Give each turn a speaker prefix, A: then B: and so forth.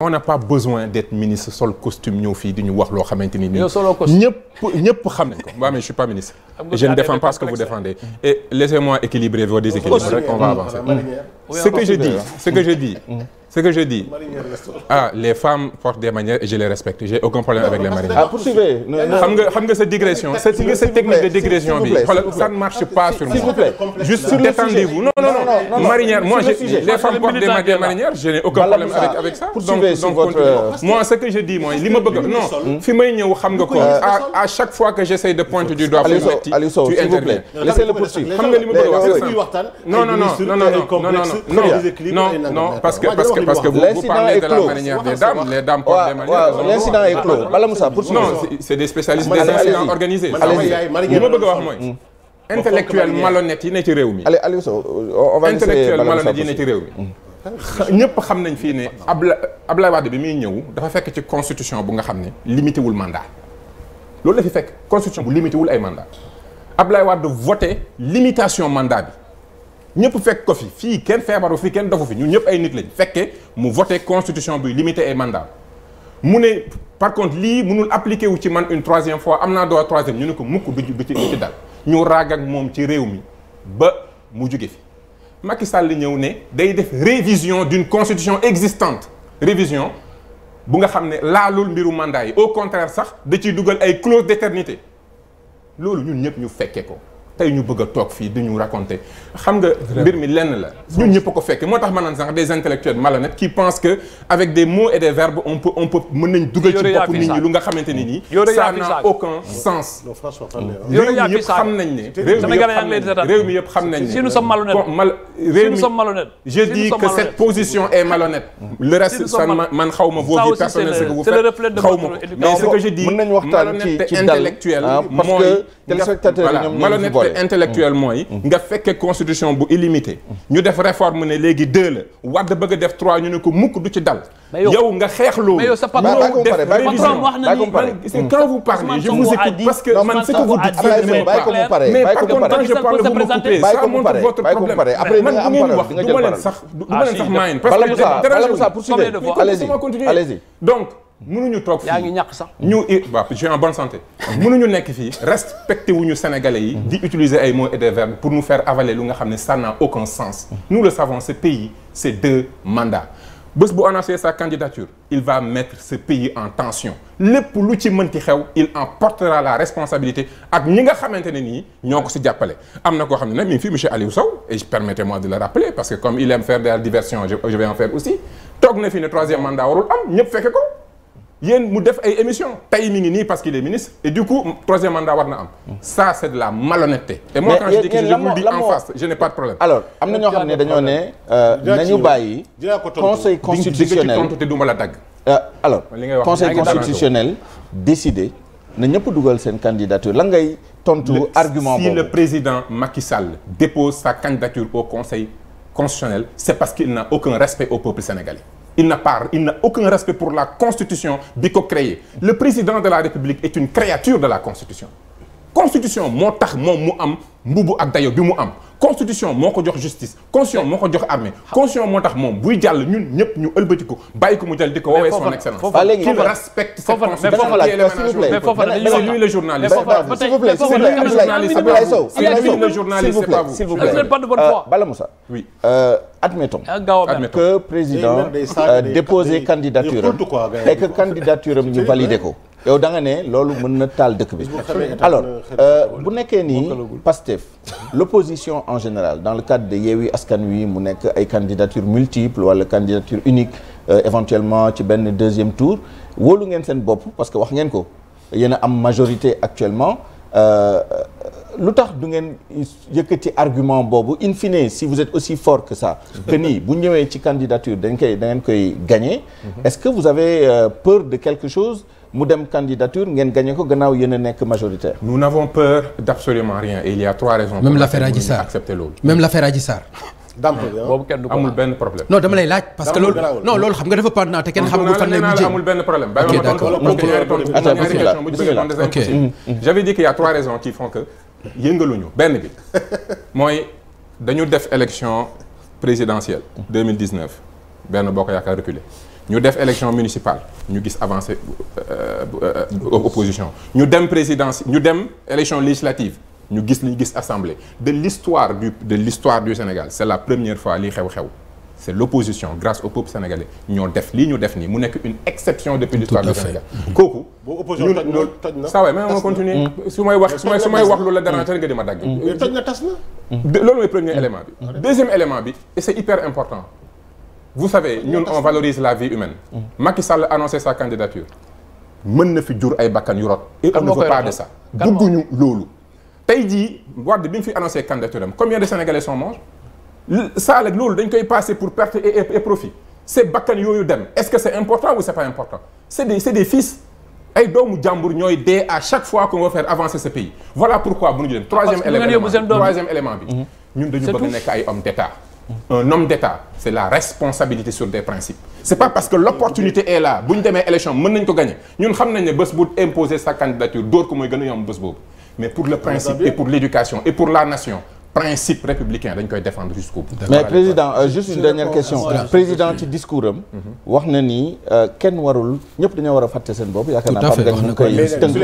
A: on n'a pas besoin d'être ministre sol costume ñëw fii di wax loo xamante ni. yow solo costume je ne défends pas ce que vous défendez. laissez-moi équilibrer vos déséquilibres rek on va avancer. ce que je dis. ce que je dis ah, les femmes portent des manières et je les respecte j'ai aucun problème avec les marinières. ah
B: poursuivez. xam nga
A: xam nga ne marche pas sur moi. juste détendez-vous. non non marinière les femmes portent des marinières je n'ai aucun problème avec ça. donc donc continuons euh, non fi may ñëw xam nga ko euh, à chaque fois que j'essaie de pointer du doigt. Aliou Sow Aliou Sow le poursuivre. xam a wax non non non parce que parce que parce que vous, vous parlez de la manière des dames les dames portent des manières l'incident est clos Bala Moussa poursuivre non des spécialistes des incidents ma bëgg a wax mooy mm. intellectuel malhonnête yi ne ci réew mi Aliou Sow on va intellectuel malhonnête yi ne ci réew mi mm. ñëpp xam nañ fii ne Abla Ablaye Wade bi muy ñëw dafa fekk ci constitution bu nga xam ne limité wul mandat loolu la fi fekk constitution bu limité wul ay mandat Ablaye Wade voté limitation mandat bi ñëpp fekk ko fi fii kenn feebaru fii kenn dofu fi ñun ñëpp ay nit lañ fekkee mu voté constitution buy limité ay mandat mu ne par contre lii mënul appliqué wu ci man une troisième fois am naa droit troisième ñu ne ko mukk du du ci dal ñu raag ak moom ci réew mi ba mu jóge fi Macky Sall ñëw ne day def révision d'une constitution existante révision bu nga xam ne laalul mbiru mandat yi au contraire sax da ciy dugal ay clause d'éternité loolu ñun ñëpp ñu fekkee ko tey ñu bëgg a toog fii di ñu raconter xam nga mbir mi lenn la ñun ñëpp ko fekkee moo tax ma naan sax des intellectuels malhonnêtes qui pensent que avec des mots et des verbes on peut on dugal ci bopp nit ñi lu nga xamante ni nii ça n'a aucun sens réew mi yëpp xam nañ ne réew mi yëpp xam nañ ne si nous je dis que cette position est malhonnête le reste ça man xaw ma vos vies que vous faites xaw mais ce que je dis malhonnêteté intellectuelle ah, mooy voilà malhonnête volonté intellectuelle mooy nga fekke constitution bu illimité ñu def réforme ne léegi deux la wadd bëgg a def trois ñu ne ko mukk du ci dal yow nga xeex loolu ñëw def révision c'est mm. quand vous parlez je vous écoute parce que man ce que vous dites mais par contre quand je parle vous me coupez ça montre votre problème man bu ngeen wax du ma leen sax ah, du ma leen sax maayin parce que dérangez-vous allez-y donc mënuñu toog fii yaa ngi ñàkk sax ñu waaw je suis en bonne santé ñu nekk fii respecté wuñu sénégalais yi di utiliser ay mots et des pour nous faire avaler lu nga xam ne ça n'a aucun sens nous le savons ce pays c'est deux mandats bés bu annoncé sa candidature il va mettre ce pays en tension lépp lu ci mënti xew il en portera la responsabilité ak ñi nga xamante ne nii ñoo ko si jàppale am na koo xam ne nag mi ngi fi monsieur Aliou Sow et permettez-moi de le rappeler parce que comme il aime faire de la diversion je vais en faire aussi ko yéen mu def ay émission tey mi ngi nii parce qu'il est ministre et du coup troisième mandat war na am ça c'est de la malhonnêteté et moi quand je dis que je vous dis en face je n'ai pas de problème alors am na ñoo xam ne dañoo ne euh, nañu bàyyi conseil euh,
B: constitutionnel décidé na ñëpp dugal seen candidature la ngay tontu argument boobu si le
A: président Macky Sall
B: dépose sa candidature
A: au conseil constitutionnel c'est parce qu'il n'a aucun respect au peuple sénégalais il n'a pas il n'a aucun respect pour la constitution bi ko le président de la république est une créature de la constitution constitution moo tax moom mu am mbubu ak dayo bi mu am constitution moo ko jox justice constitution moo ko jox armée constitution moo tax moom buy jàll ñun ñëpp ñu ëlbati ko bàyyi ko mu jàll di ko woowee son excellence qu'il respecte cette constitution mais foofa la lui le journaliste s'il vous
B: euh, ah, président euh, déposer candidature et que candidature am ñu ko yow da nga ne loolu mën na taal dëkk bi alors euh, bu nekkee nii Pastef l'opposition en général dans le cadre de Yewwi Askan Wi mu nekk ay candidature multiple wala candidature unique euh, éventuellement ci benn deuxième tour wóolu ngeen seen bopp parce que wax ngeen ko yéen a am majorité actuellement euh, lu tax du ngeen yëkkati argument boobu in fine si vous êtes aussi fort que ça que nii bu ñëwee ci candidature dañ koy da koy gagner mm-hmm. est-ce que vous avez peur de quelque chose mu dem candidature ngeen gagné ko gannaaw yéen a nekk majoritaire. nous
A: n'avons peur d'absolument rien et il y a trois raisons. boobu kenn du ko amul benn problème. non dama lay parce que loolu. non loolu xam nga dafa pendant te kenn xamagul fan lay mujjee amul benn mm. y a trois raisons qui font que yëngaluñu benn bi mooy dañu def élection présidentielle 2019 benn boo ko yaakaar reculé. ñu def élection municipale ñu gis avancé euh, euh, euh, opposition ñu dem présidence ñu dem élection législative ñu gis li ñu gis assemblée de l'histoire du de l'histoire du Sénégal c'est la première fois li xew-xew c'est l'opposition grâce au peuple sénégalais ñoo def lii ñu def nii mu nekk une exception depuis l'histoire du Sénégal mm-hmm. kooku boo opposition ma continuer mm-hmm. su may wax loolu la dara nga di ma dagg mm-hmm. toj na tas loolu mooy premier élément bi deuxième élément bi et c'est hyper important vous savez ñun on valorise la vie humaine. Mm. Macky Sall annoncé sa candidature. mën na fi jur ay bakkan yu rot. et on ne veut pas de ça. bëgguñu loolu. tey bi mu fi annoncé candidature am combien de sénégalais sont morts. ça loolu dañ koy passer pour perte et profit. c'est bakkan yooyu dem est-ce que c'est important ou c'est pas important c'est des c'est des fils ay doomu jàmbur ñooy dee à chaque fois qu'on va faire avancer ce pays voilà pourquoi bu dem troisième mm-hmm. nekk ay un homme d'État c'est la responsabilité sur des principes c'est pas parce que l'opportunité est là bu ñu demee élection mën nañ ko gagner ñun xam nañ bés bu imposer sa candidature dóor ko mooy gën a yomb bés boobu mais pour le principe et pour l'éducation et pour la nation principe républicain dañ koy défendre jusqu'au
B: bout mais président euh, une dernière question président ci discours am wax na ni euh, kenn warul ñëpp dañoo war a fàtte seen bopp yaakaar naa xam nga ñu koy tënk